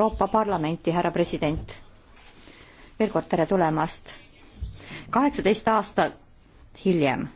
Euroopa Parlamenti, härra president. veel kord tere tulemast. kaheksateist aastat hiljem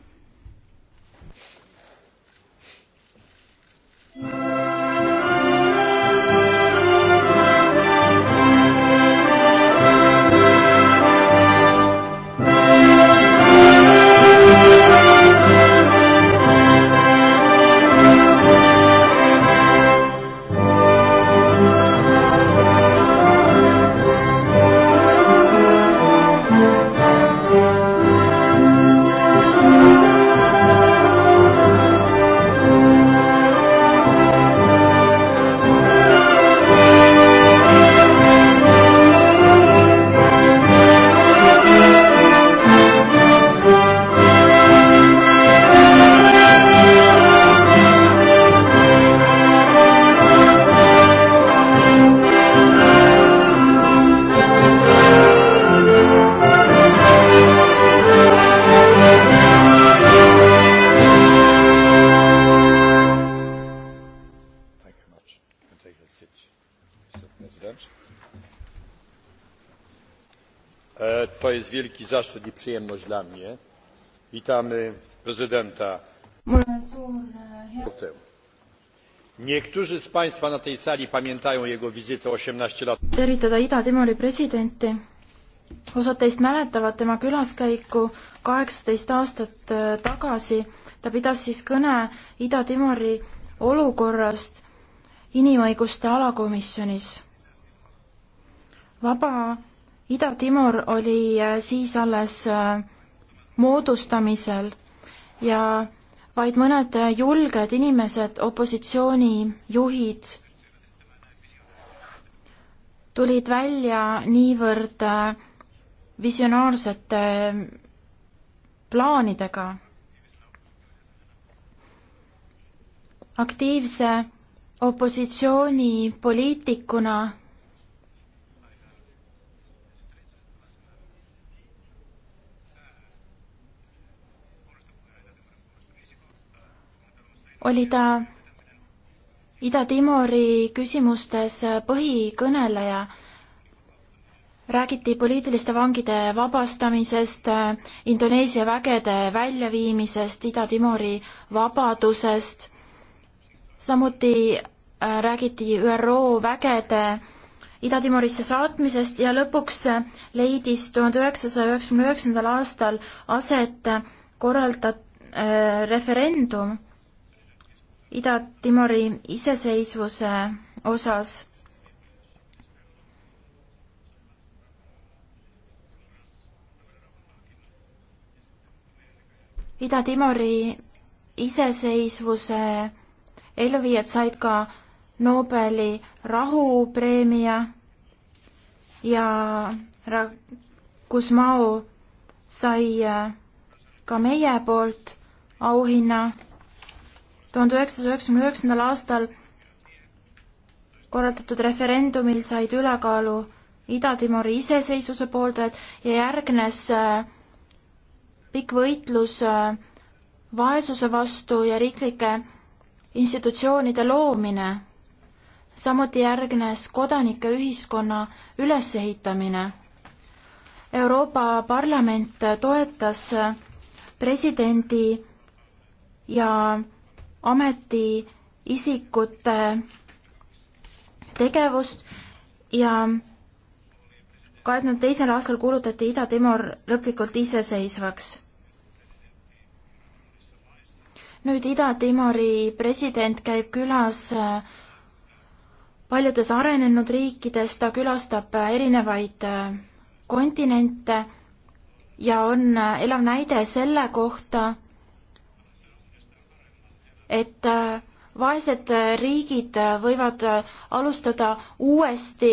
wielki zaszczyt i przyjemność dla mnie witamy prezydenta niektórzy z państwa na tej sali pamiętają jego wizytę osiemnaście lat tervitada ida timori presidenti osad teist mäletavad tema külaskäiku kaheksateist aastat äh, tagasi ta pidas siis kõne ida timori olukorrast inimõiguste alakomisjonis vaba Ida-Timor oli äh, siis alles äh, moodustamisel ja vaid mõned äh, julged inimesed, opositsioonijuhid, tulid välja niivõrd visionaarsete plaanidega. aktiivse opositsioonipoliitikuna oli ta Ida-Timori küsimustes põhikõneleja. räägiti poliitiliste vangide vabastamisest, Indoneesia vägede väljaviimisest, Ida-Timori vabadusest, samuti äh, räägiti ÜRO vägede Ida-Timorisse saatmisest ja lõpuks leidis tuhande üheksasaja üheksakümne üheksandal aastal aset korraldat- äh,, referendum Ida-Timori iseseisvuse osas. Ida-Timori iseseisvuse elluviijad said ka Nobeli rahupreemia ja Kusmao sai äh, ka meie poolt auhinna tuhande üheksasaja üheksakümne üheksandal aastal korraldatud referendumil said ülekaalu Ida-Timori iseseisvuse pooldajad ja järgnes äh, pikk võitlus äh, vaesuse vastu ja riiklike institutsioonide loomine. samuti järgnes kodanike ühiskonna ülesehitamine. Euroopa Parlament toetas äh, presidendi ja ametiisikute tegevust ja kahe tuhande teisel aastal kuulutati Ida-Timor lõplikult iseseisvaks. nüüd Ida-Timori president käib külas äh, paljudes arenenud riikides, ta külastab äh, erinevaid äh, kontinente ja on elav näide selle kohta, et äh, vaesed äh, riigid äh, võivad alustada uuesti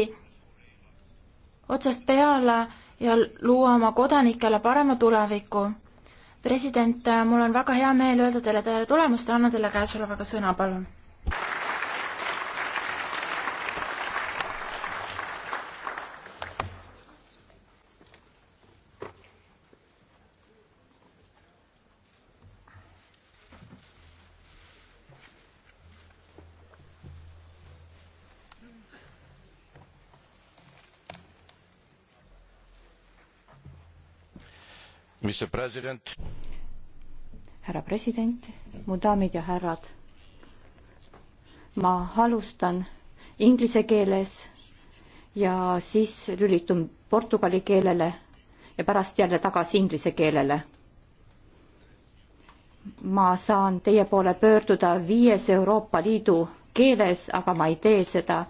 otsast peale ja luua oma kodanikele parema tuleviku. president, mul on väga hea meel öelda teile tere tulemast ja annan teile käesolevaga sõna, palun härra president, mu daamid ja härrad. ma alustan inglise keeles ja siis lülitun portugali keelele ja pärast jälle tagasi inglise keelele. ma saan teie poole pöörduda viies Euroopa Liidu keeles, aga ma ei tee seda,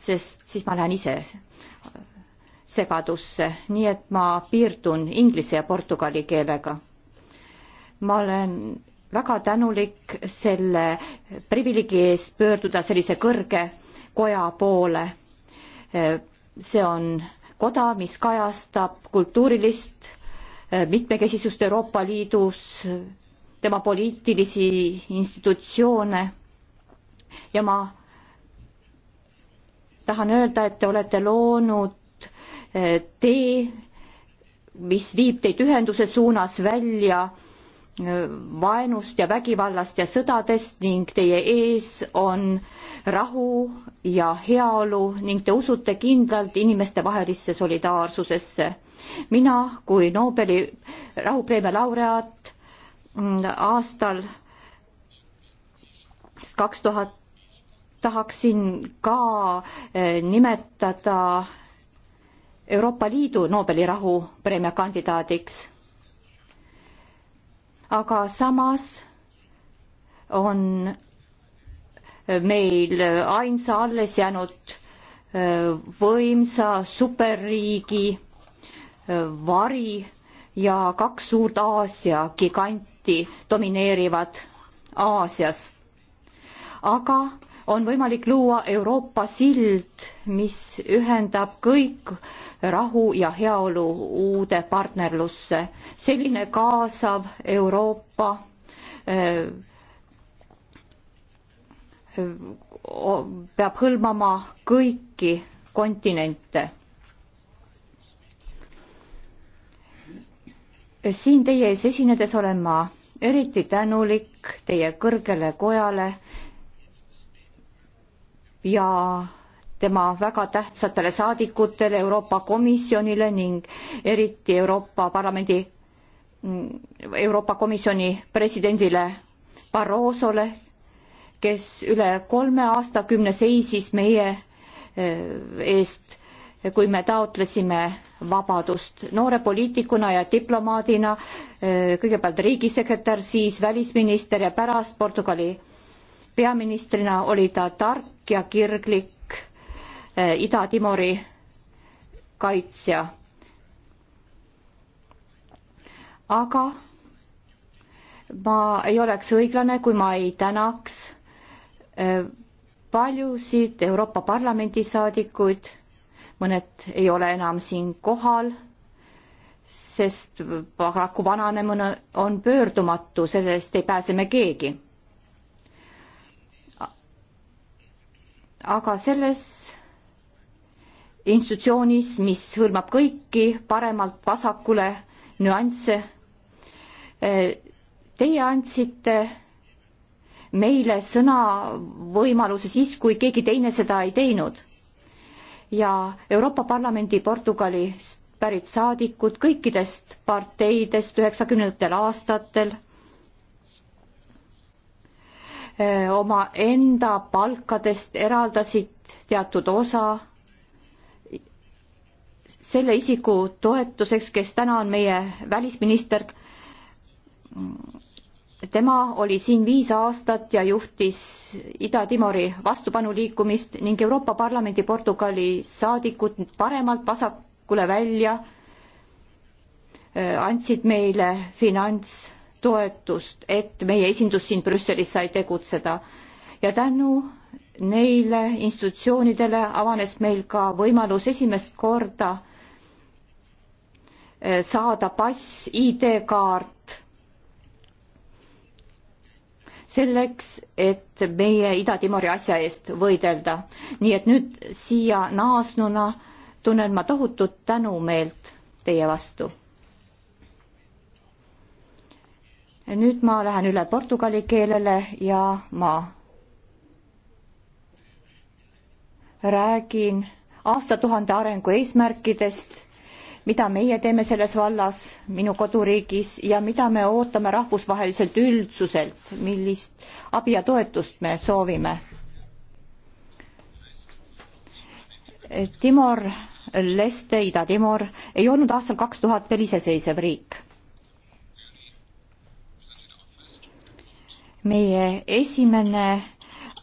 sest siis ma lähen ise segadusse, nii et ma piirdun inglise ja portugali keelega. ma olen väga tänulik selle privileegi eest pöörduda sellise kõrge koja poole. see on koda, mis kajastab kultuurilist mitmekesisust Euroopa Liidus, tema poliitilisi institutsioone ja ma tahan öelda, et te olete loonud Eh, tee, mis viib teid ühenduse suunas välja eh, vaenust ja vägivallast ja sõdadest ning teie ees on rahu ja heaolu ning te usute kindlalt inimestevahelisse solidaarsusesse. mina kui Nobeli rahupreemia laureaat mm, aastal kaks tuhat tahaksin ka eh, nimetada Euroopa Liidu Nobeli rahupreemia kandidaadiks. aga samas on meil ainsa alles jäänud äh, võimsa superriigi äh, vari ja kaks suurt Aasia giganti domineerivad Aasias. aga on võimalik luua Euroopa sild, mis ühendab kõik rahu ja heaolu uude partnerlusse. selline kaasav Euroopa peab hõlmama kõiki kontinente. siin teie ees esinedes olen ma eriti tänulik teie kõrgele kojale ja tema väga tähtsatele saadikutele, Euroopa Komisjonile ning eriti Euroopa Parlamendi, Euroopa Komisjoni presidendile Barrosole, kes üle kolme aastakümne seisis meie eh, eest, kui me taotlesime vabadust. noore poliitikuna ja diplomaadina, eh, kõigepealt riigisekretär, siis välisminister ja pärast Portugali peaministrina oli ta tark ja kirglik eh, Ida-Timori kaitsja. aga ma ei oleks õiglane, kui ma ei tänaks eh, paljusid Euroopa Parlamendi saadikuid, mõned ei ole enam siin kohal, sest paraku vananemine on pöördumatu, selle eest ei pääse me keegi aga selles institutsioonis, mis hõlmab kõiki paremalt vasakule nüansse. Eh, teie andsite meile sõnavõimaluse siis, kui keegi teine seda ei teinud. ja Euroopa Parlamendi Portugalist pärit saadikud kõikidest parteidest üheksakümnendatel aastatel omaenda palkadest eraldasid teatud osa selle isiku toetuseks, kes täna on meie välisminister. tema oli siin viis aastat ja juhtis Ida-Timori vastupanuliikumist ning Euroopa Parlamendi Portugali saadikud paremalt vasakule välja andsid meile finants toetust, et meie esindus siin Brüsselis sai tegutseda ja tänu neile institutsioonidele avanes meil ka võimalus esimest korda eh, saada pass, ID-kaart selleks, et meie Ida-Timori asja eest võidelda. nii et nüüd siia naasnuna tunnen ma tohutut tänumeelt teie vastu nüüd ma lähen üle portugali keelele ja ma räägin aastatuhande arengu eesmärkidest, mida meie teeme selles vallas minu koduriigis ja mida me ootame rahvusvaheliselt üldsuselt, millist abi ja toetust me soovime. Timor Leste, Ida-Timor ei olnud aastal kaks tuhat veel iseseisev riik meie esimene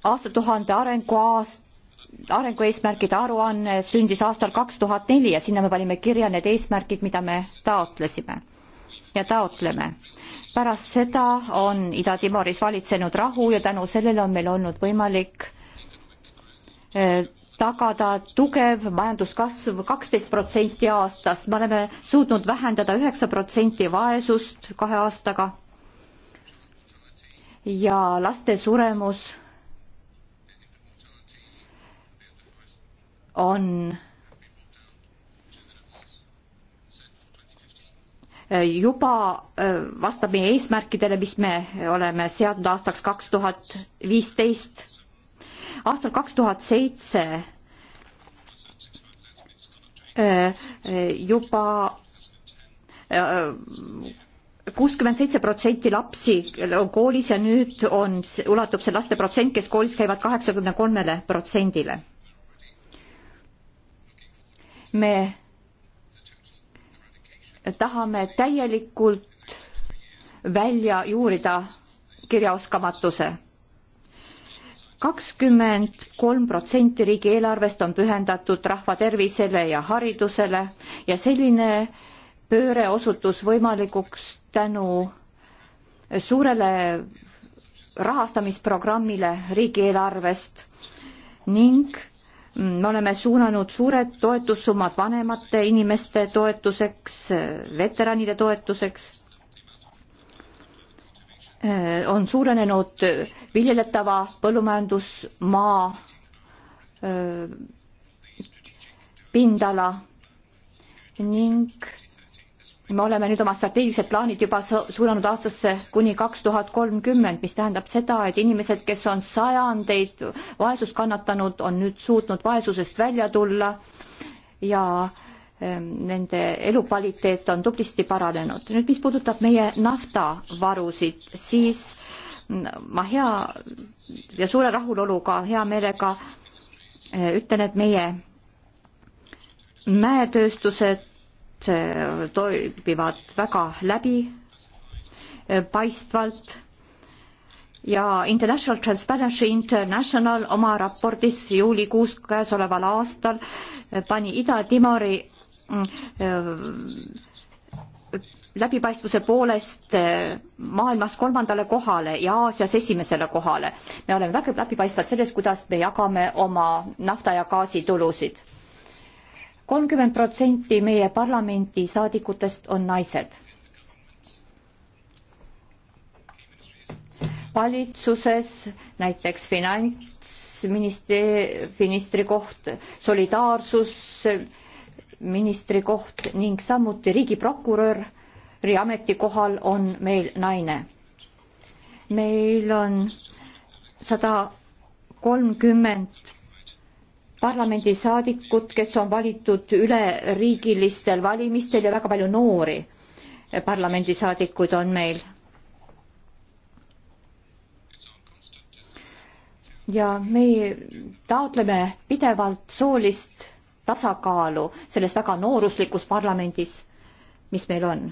aastatuhande arenguaasta arengueesmärgide aruanne sündis aastal kaks tuhat neli ja sinna me panime kirja need eesmärgid, mida me taotlesime ja taotleme. pärast seda on Ida-Timoris valitsenud rahu ja tänu sellele on meil olnud võimalik äh, tagada tugev majanduskasv kaksteist protsenti aastas, me oleme suutnud vähendada üheksa protsenti vaesust kahe aastaga ja laste suremus on äh, juba äh, vastab meie eesmärkidele, mis me oleme seadnud aastaks kaks tuhat viisteist. aastal kaks tuhat seitse äh, juba kuuskümmend seitse protsenti lapsi on koolis ja nüüd on, ulatub see laste protsent, kes koolis käivad kaheksakümne kolmele protsendile. me tahame täielikult välja juurida kirjaoskamatuse. kakskümmend kolm protsenti riigieelarvest on pühendatud rahvatervisele ja haridusele ja selline pööre osutus võimalikuks tänu suurele rahastamisprogrammile riigieelarvest ning me oleme suunanud suured toetussummad vanemate inimeste toetuseks, veteranide toetuseks. on suurenenud viljeletava põllumajandusmaa pindala ning me oleme nüüd oma strateegilised plaanid juba suunanud aastasse kuni kaks tuhat kolmkümmend, mis tähendab seda, et inimesed, kes on sajandeid vaesust kannatanud, on nüüd suutnud vaesusest välja tulla ja ehm, nende elukvaliteet on tublisti paranenud. nüüd, mis puudutab meie naftavarusid, siis mm, ma hea ja suure rahuloluga, hea meelega eh, ütlen, et meie mäetööstused toimivad väga läbipaistvalt eh, ja International Transparency International oma raportis juulikuus käesoleval aastal eh, pani Ida-Timori mm, eh, läbipaistvuse poolest maailmas kolmandale kohale ja Aasias esimesele kohale. me oleme väga läbipaistvad selles, kuidas me jagame oma nafta ja gaasitulusid kolmkümmend protsenti meie parlamendi saadikutest on naised. valitsuses näiteks finantsministri, ministri koht, solidaarsusministri koht ning samuti riigiprokuröri ametikohal on meil naine. meil on sada kolmkümmend parlamendisaadikud, kes on valitud üleriigilistel valimistel ja väga palju noori parlamendisaadikuid on meil. ja me taotleme pidevalt soolist tasakaalu selles väga nooruslikus parlamendis, mis meil on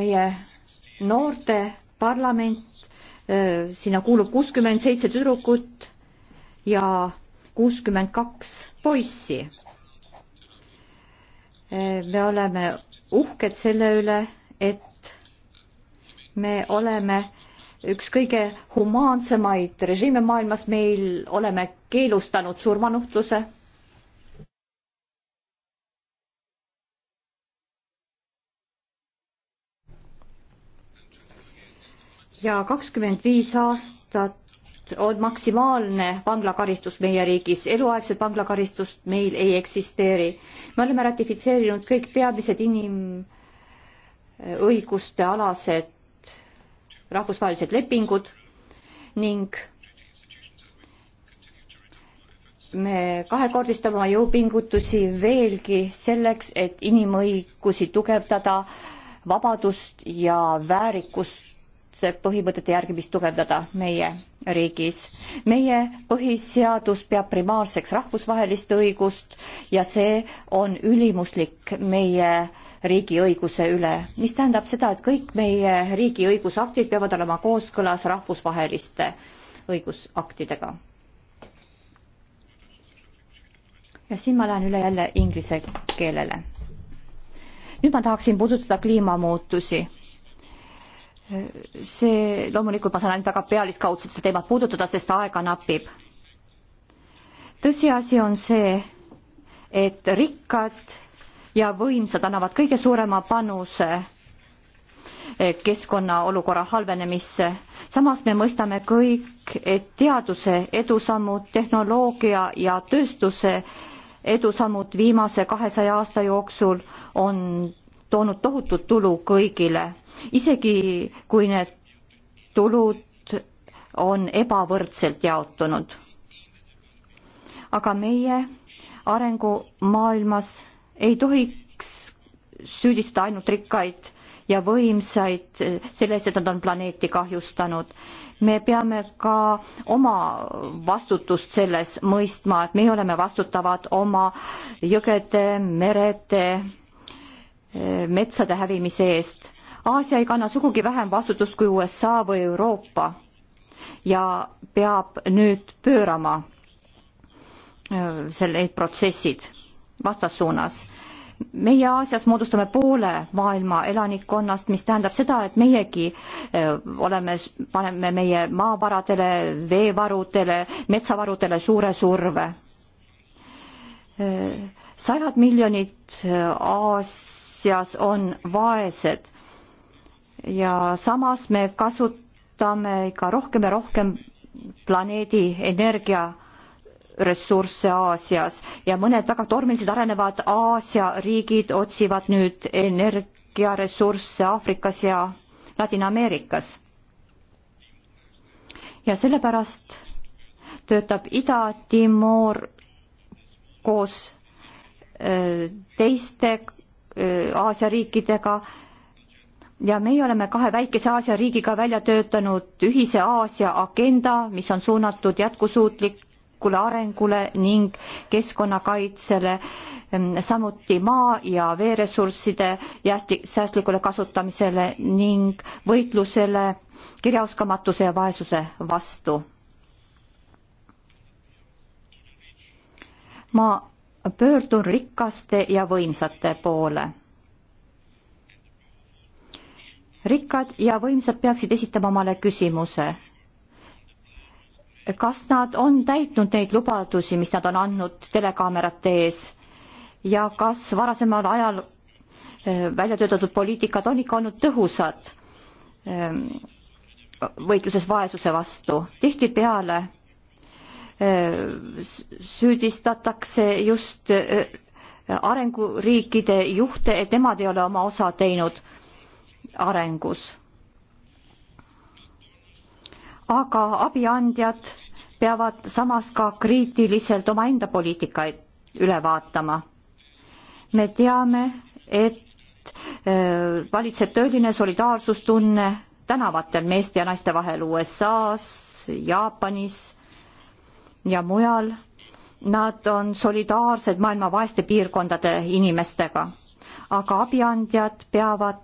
meie noorte parlament, eh, sinna kuulub kuuskümmend seitse tüdrukut ja kuuskümmend kaks poissi. Eh, me oleme uhked selle üle, et me oleme üks kõige humaansemaid režiime maailmas, meil oleme keelustanud surmanuhtluse ja kakskümmend viis aastat on maksimaalne vanglakaristus meie riigis, eluaegset vanglakaristust meil ei eksisteeri. me oleme ratifitseerinud kõik peamised inimõiguste alased rahvusvahelised lepingud ning me kahekordistame oma jõupingutusi veelgi selleks, et inimõigusi tugevdada, vabadust ja väärikust põhimõtete järgimist tugevdada meie riigis. meie põhiseadus peab primaarseks rahvusvahelist õigust ja see on ülimuslik meie riigiõiguse üle, mis tähendab seda, et kõik meie riigi õigusaktid peavad olema kooskõlas rahvusvaheliste õigusaktidega. ja siin ma lähen üle jälle inglise keelele. nüüd ma tahaksin puudutada kliimamuutusi see, loomulikult ma saan ainult väga pealiskaudselt seda teemat puudutada, sest aega napib. tõsiasi on see, et rikkad ja võimsad annavad kõige suurema panuse keskkonna olukorra halvenemisse. samas me mõistame kõik, et teaduse edusammud, tehnoloogia ja tööstuse edusammud viimase kahesaja aasta jooksul on toonud tohutut tulu kõigile isegi kui need tulud on ebavõrdselt jaotunud. aga meie arengumaailmas ei tohiks süüdistada ainult rikkaid ja võimsaid selles, et nad on planeeti kahjustanud. me peame ka oma vastutust selles mõistma, et meie oleme vastutavad oma jõgede, merede, metsade hävimise eest Aasia ei kanna sugugi vähem vastutust kui USA või Euroopa ja peab nüüd pöörama äh, selle, need protsessid vastassuunas. meie Aasias moodustame poole maailma elanikkonnast, mis tähendab seda, et meiegi äh, oleme, paneme meie maavaradele, veevarudele, metsavarudele suure surve. Äh, sajad miljonid Aasias on vaesed ja samas me kasutame ikka rohkem ja rohkem planeedi energiaressursse Aasias ja mõned väga tormiliselt arenevad Aasia riigid otsivad nüüd energiaressursse Aafrikas ja Ladina-Ameerikas. ja sellepärast töötab Ida-Timor koos äh, teiste äh, Aasia riikidega ja meie oleme kahe väikese Aasia riigiga välja töötanud ühise Aasia agenda, mis on suunatud jätkusuutlikule arengule ning keskkonnakaitsele, ehm, samuti maa ja veeressursside jästi-, säästlikule kasutamisele ning võitlusele kirjaoskamatuse ja vaesuse vastu. ma pöördun rikaste ja võimsate poole rikkad ja võimsad peaksid esitama omale küsimuse, kas nad on täitnud neid lubadusi, mis nad on andnud telekaamerate ees ja kas varasemal ajal eh, välja töötatud poliitikad on ikka olnud tõhusad ehm, võitluses vaesuse vastu. tihtipeale eh, süüdistatakse just eh, arenguriikide juhte, et nemad ei ole oma osa teinud arengus. aga abiandjad peavad samas ka kriitiliselt omaenda poliitikaid üle vaatama. me teame, et äh, valitseb tõeline solidaarsustunne tänavatel meeste ja naiste vahel USA-s, Jaapanis ja mujal. Nad on solidaarsed maailma vaeste piirkondade inimestega, aga abiandjad peavad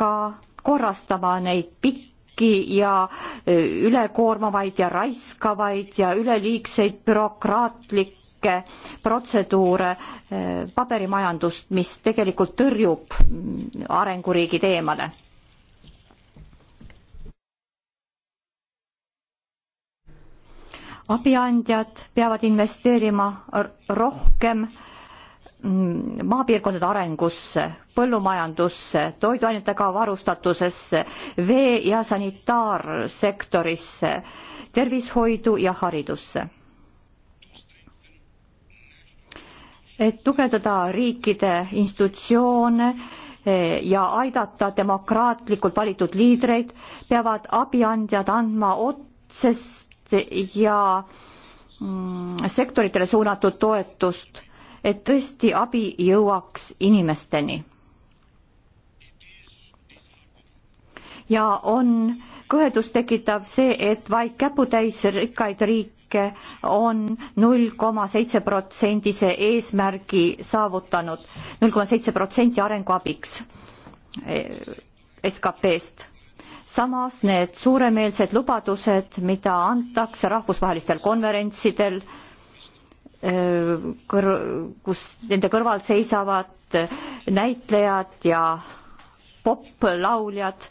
ka korrastama neid pikki ja ülekoormavaid ja raiskavaid ja üleliigseid bürokraatlikke protseduure, paberimajandust, mis tegelikult tõrjub mm, arenguriigid eemale abiandjad peavad investeerima rohkem maapiirkondade arengusse, põllumajandusse, toiduainetega varustatusesse, vee- ja sanitaarsektorisse, tervishoidu ja haridusse. et tugevdada riikide institutsioone eh, ja aidata demokraatlikult valitud liidreid, peavad abiandjad andma otsest ja mm, sektoritele suunatud toetust et tõesti abi jõuaks inimesteni. ja on kõhedust tekitav see, et vaid käputäis rikkaid riike on null koma seitse protsendise eesmärgi saavutanud, null koma seitse protsenti arenguabiks e, SKP-st samas need suuremeelsed lubadused, mida antakse rahvusvahelistel konverentsidel, kõr-, kus nende kõrval seisavad näitlejad ja poplauljad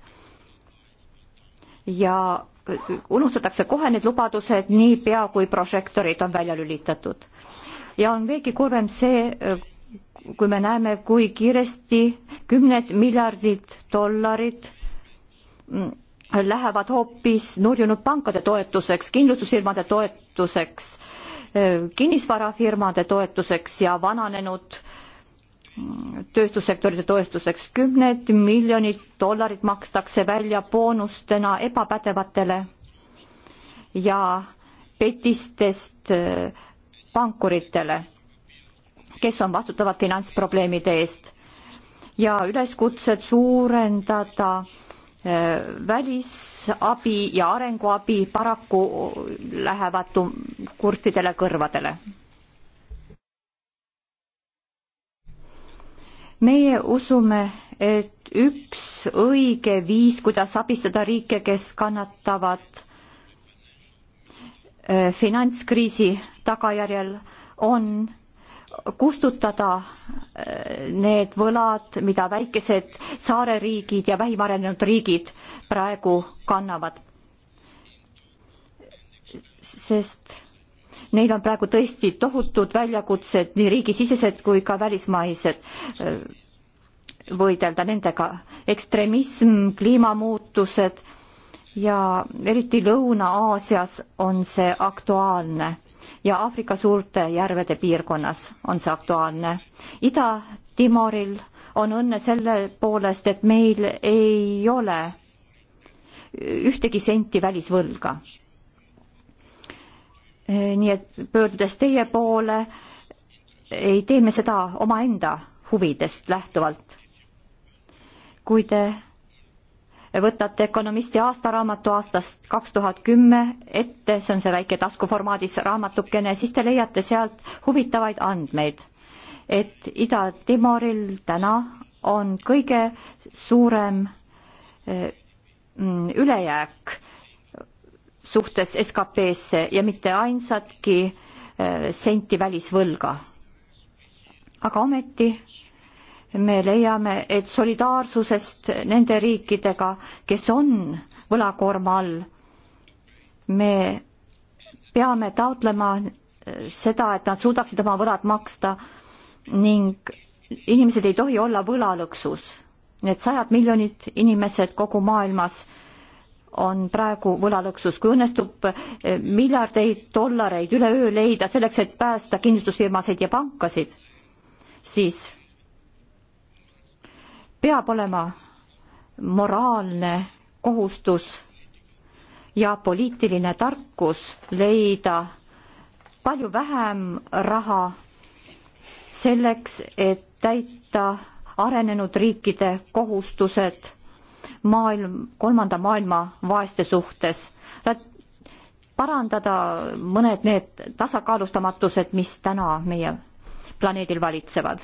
ja unustatakse kohe need lubadused niipea, kui prožektorid on välja lülitatud. ja on veelgi kurvem see, kui me näeme, kui kiiresti kümned miljardid dollarid lähevad hoopis nurjunud pankade toetuseks, kindlustusfirmade toetuseks Äh, kinnisvarafirmade toetuseks ja vananenud mm, tööstussektorite toetuseks. kümned miljonid dollarid makstakse välja boonustena ebapädevatele ja petistest äh, pankuritele, kes on vastutavad finantsprobleemide eest ja üleskutsed suurendada äh, välisabi ja arenguabi paraku lähevad kurtidele kõrvadele. meie usume, et üks õige viis, kuidas abistada riike, kes kannatavad eh, finantskriisi tagajärjel, on kustutada äh, need võlad, mida väikesed saareriigid ja vähim arenenud riigid praegu kannavad. sest neil on praegu tõesti tohutud väljakutsed, nii riigisisesed kui ka välismaised, äh, võidelda nendega. ekstremism, kliimamuutused ja eriti Lõuna-Aasias on see aktuaalne ja Aafrika suurte järvede piirkonnas on see aktuaalne. Ida-Timoril on õnne selle poolest, et meil ei ole ühtegi senti välisvõlga. nii et pöördudes teie poole, ei tee me seda omaenda huvidest lähtuvalt. kui te võtate Ökonomisti aastaraamatu aastast kaks tuhat kümme ette, see on see väike taskuformaadis raamatukene, siis te leiate sealt huvitavaid andmeid, et Ida-Timoril täna on kõige suurem eh, mm, ülejääk suhtes SKP-sse ja mitte ainsatki eh, senti välisvõlga. aga ometi me leiame, et solidaarsusest nende riikidega, kes on võlakoorma all, me peame taotlema eh, seda, et nad suudaksid oma võlad maksta ning inimesed ei tohi olla võlalõksus. Need sajad miljonid inimesed kogu maailmas on praegu võlalõksus, kui õnnestub eh, miljardeid dollareid üleöö leida selleks, et päästa kindlustusfirmasid ja pankasid, siis peab olema moraalne kohustus ja poliitiline tarkus leida palju vähem raha selleks, et täita arenenud riikide kohustused maailm, kolmanda maailma vaeste suhtes. parandada mõned need tasakaalustamatused, mis täna meie planeedil valitsevad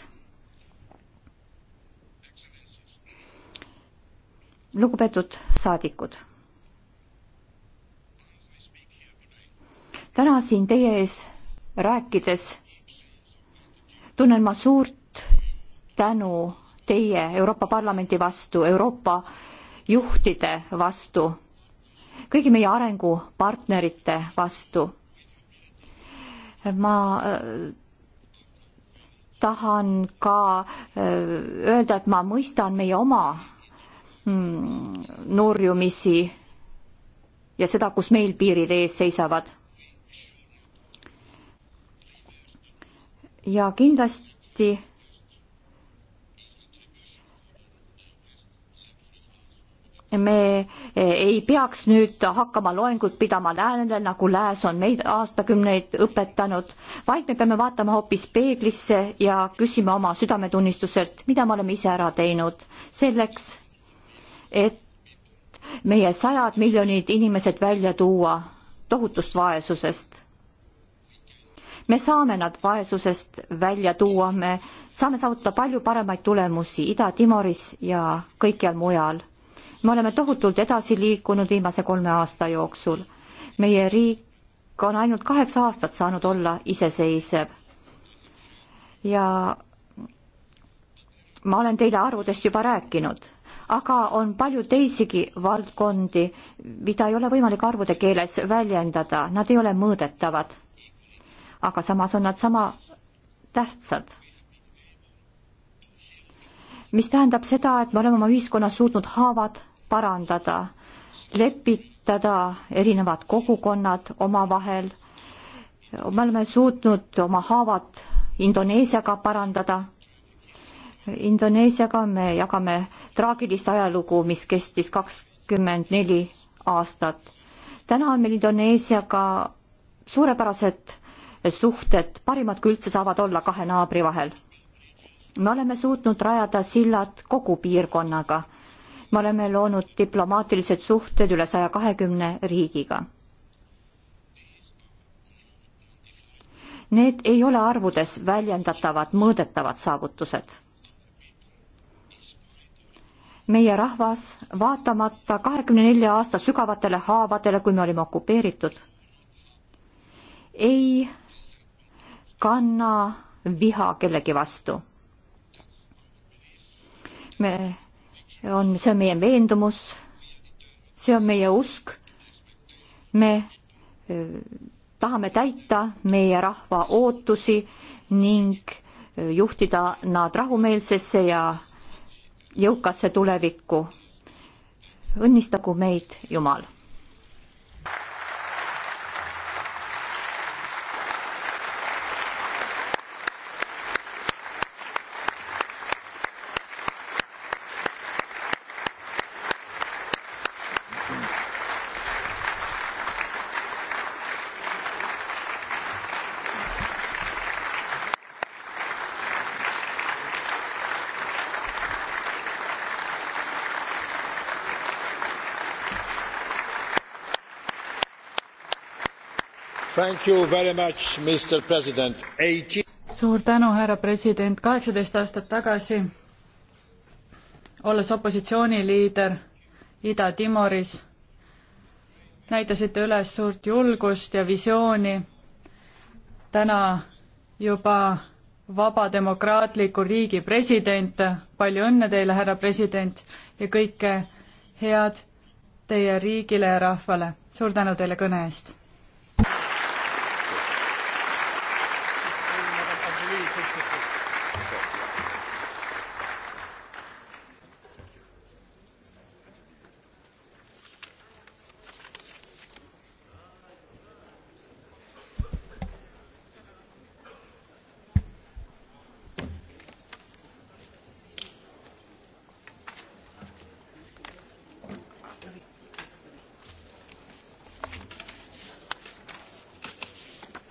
lugupeetud saadikud. täna siin teie ees rääkides tunnen ma suurt tänu teie Euroopa Parlamendi vastu, Euroopa juhtide vastu, kõigi meie arengupartnerite vastu. ma äh, tahan ka äh, öelda, et ma mõistan meie oma Hmm, nurjumisi ja seda, kus meil piirid ees seisavad. ja kindlasti me eh, ei peaks nüüd hakkama loengut pidama läänele, nagu lääs on meid aastakümneid õpetanud, vaid me peame vaatama hoopis peeglisse ja küsima oma südametunnistuselt, mida me oleme ise ära teinud selleks, et meie sajad miljonid inimesed välja tuua tohutust vaesusest. me saame nad vaesusest välja tuua, me saame saavutada palju paremaid tulemusi Ida-Timoris ja kõikjal mujal. me oleme tohutult edasi liikunud viimase kolme aasta jooksul. meie riik on ainult kaheksa aastat saanud olla iseseisev. ja ma olen teile arvudest juba rääkinud aga on palju teisigi valdkondi, mida ei ole võimalik arvude keeles väljendada, nad ei ole mõõdetavad. aga samas on nad sama tähtsad. mis tähendab seda, et me oleme oma ühiskonnas suutnud haavad parandada, lepitada erinevad kogukonnad omavahel, me oleme suutnud oma haavad Indoneesiaga parandada Indoneesiaga me jagame traagilist ajalugu, mis kestis kakskümmend neli aastat. täna on meil Indoneesiaga suurepärased suhted, parimad kui üldse saavad olla kahe naabri vahel. me oleme suutnud rajada sillad kogu piirkonnaga. me oleme loonud diplomaatilised suhted üle saja kahekümne riigiga. Need ei ole arvudes väljendatavad, mõõdetavad saavutused meie rahvas, vaatamata kahekümne nelja aasta sügavatele haavadele, kui me olime okupeeritud, ei kanna viha kellegi vastu. me, on, see on meie veendumus, see on meie usk, me tahame täita meie rahva ootusi ning juhtida nad rahumeelsesse ja jõukasse tulevikku. õnnistagu meid Jumal Much, suur tänu, härra president, kaheksateist aastat tagasi, olles opositsiooniliider Ida-Timoris, näitasite üles suurt julgust ja visiooni täna juba vaba demokraatliku riigi president, palju õnne teile, härra president, ja kõike head teie riigile ja rahvale. suur tänu teile kõne eest!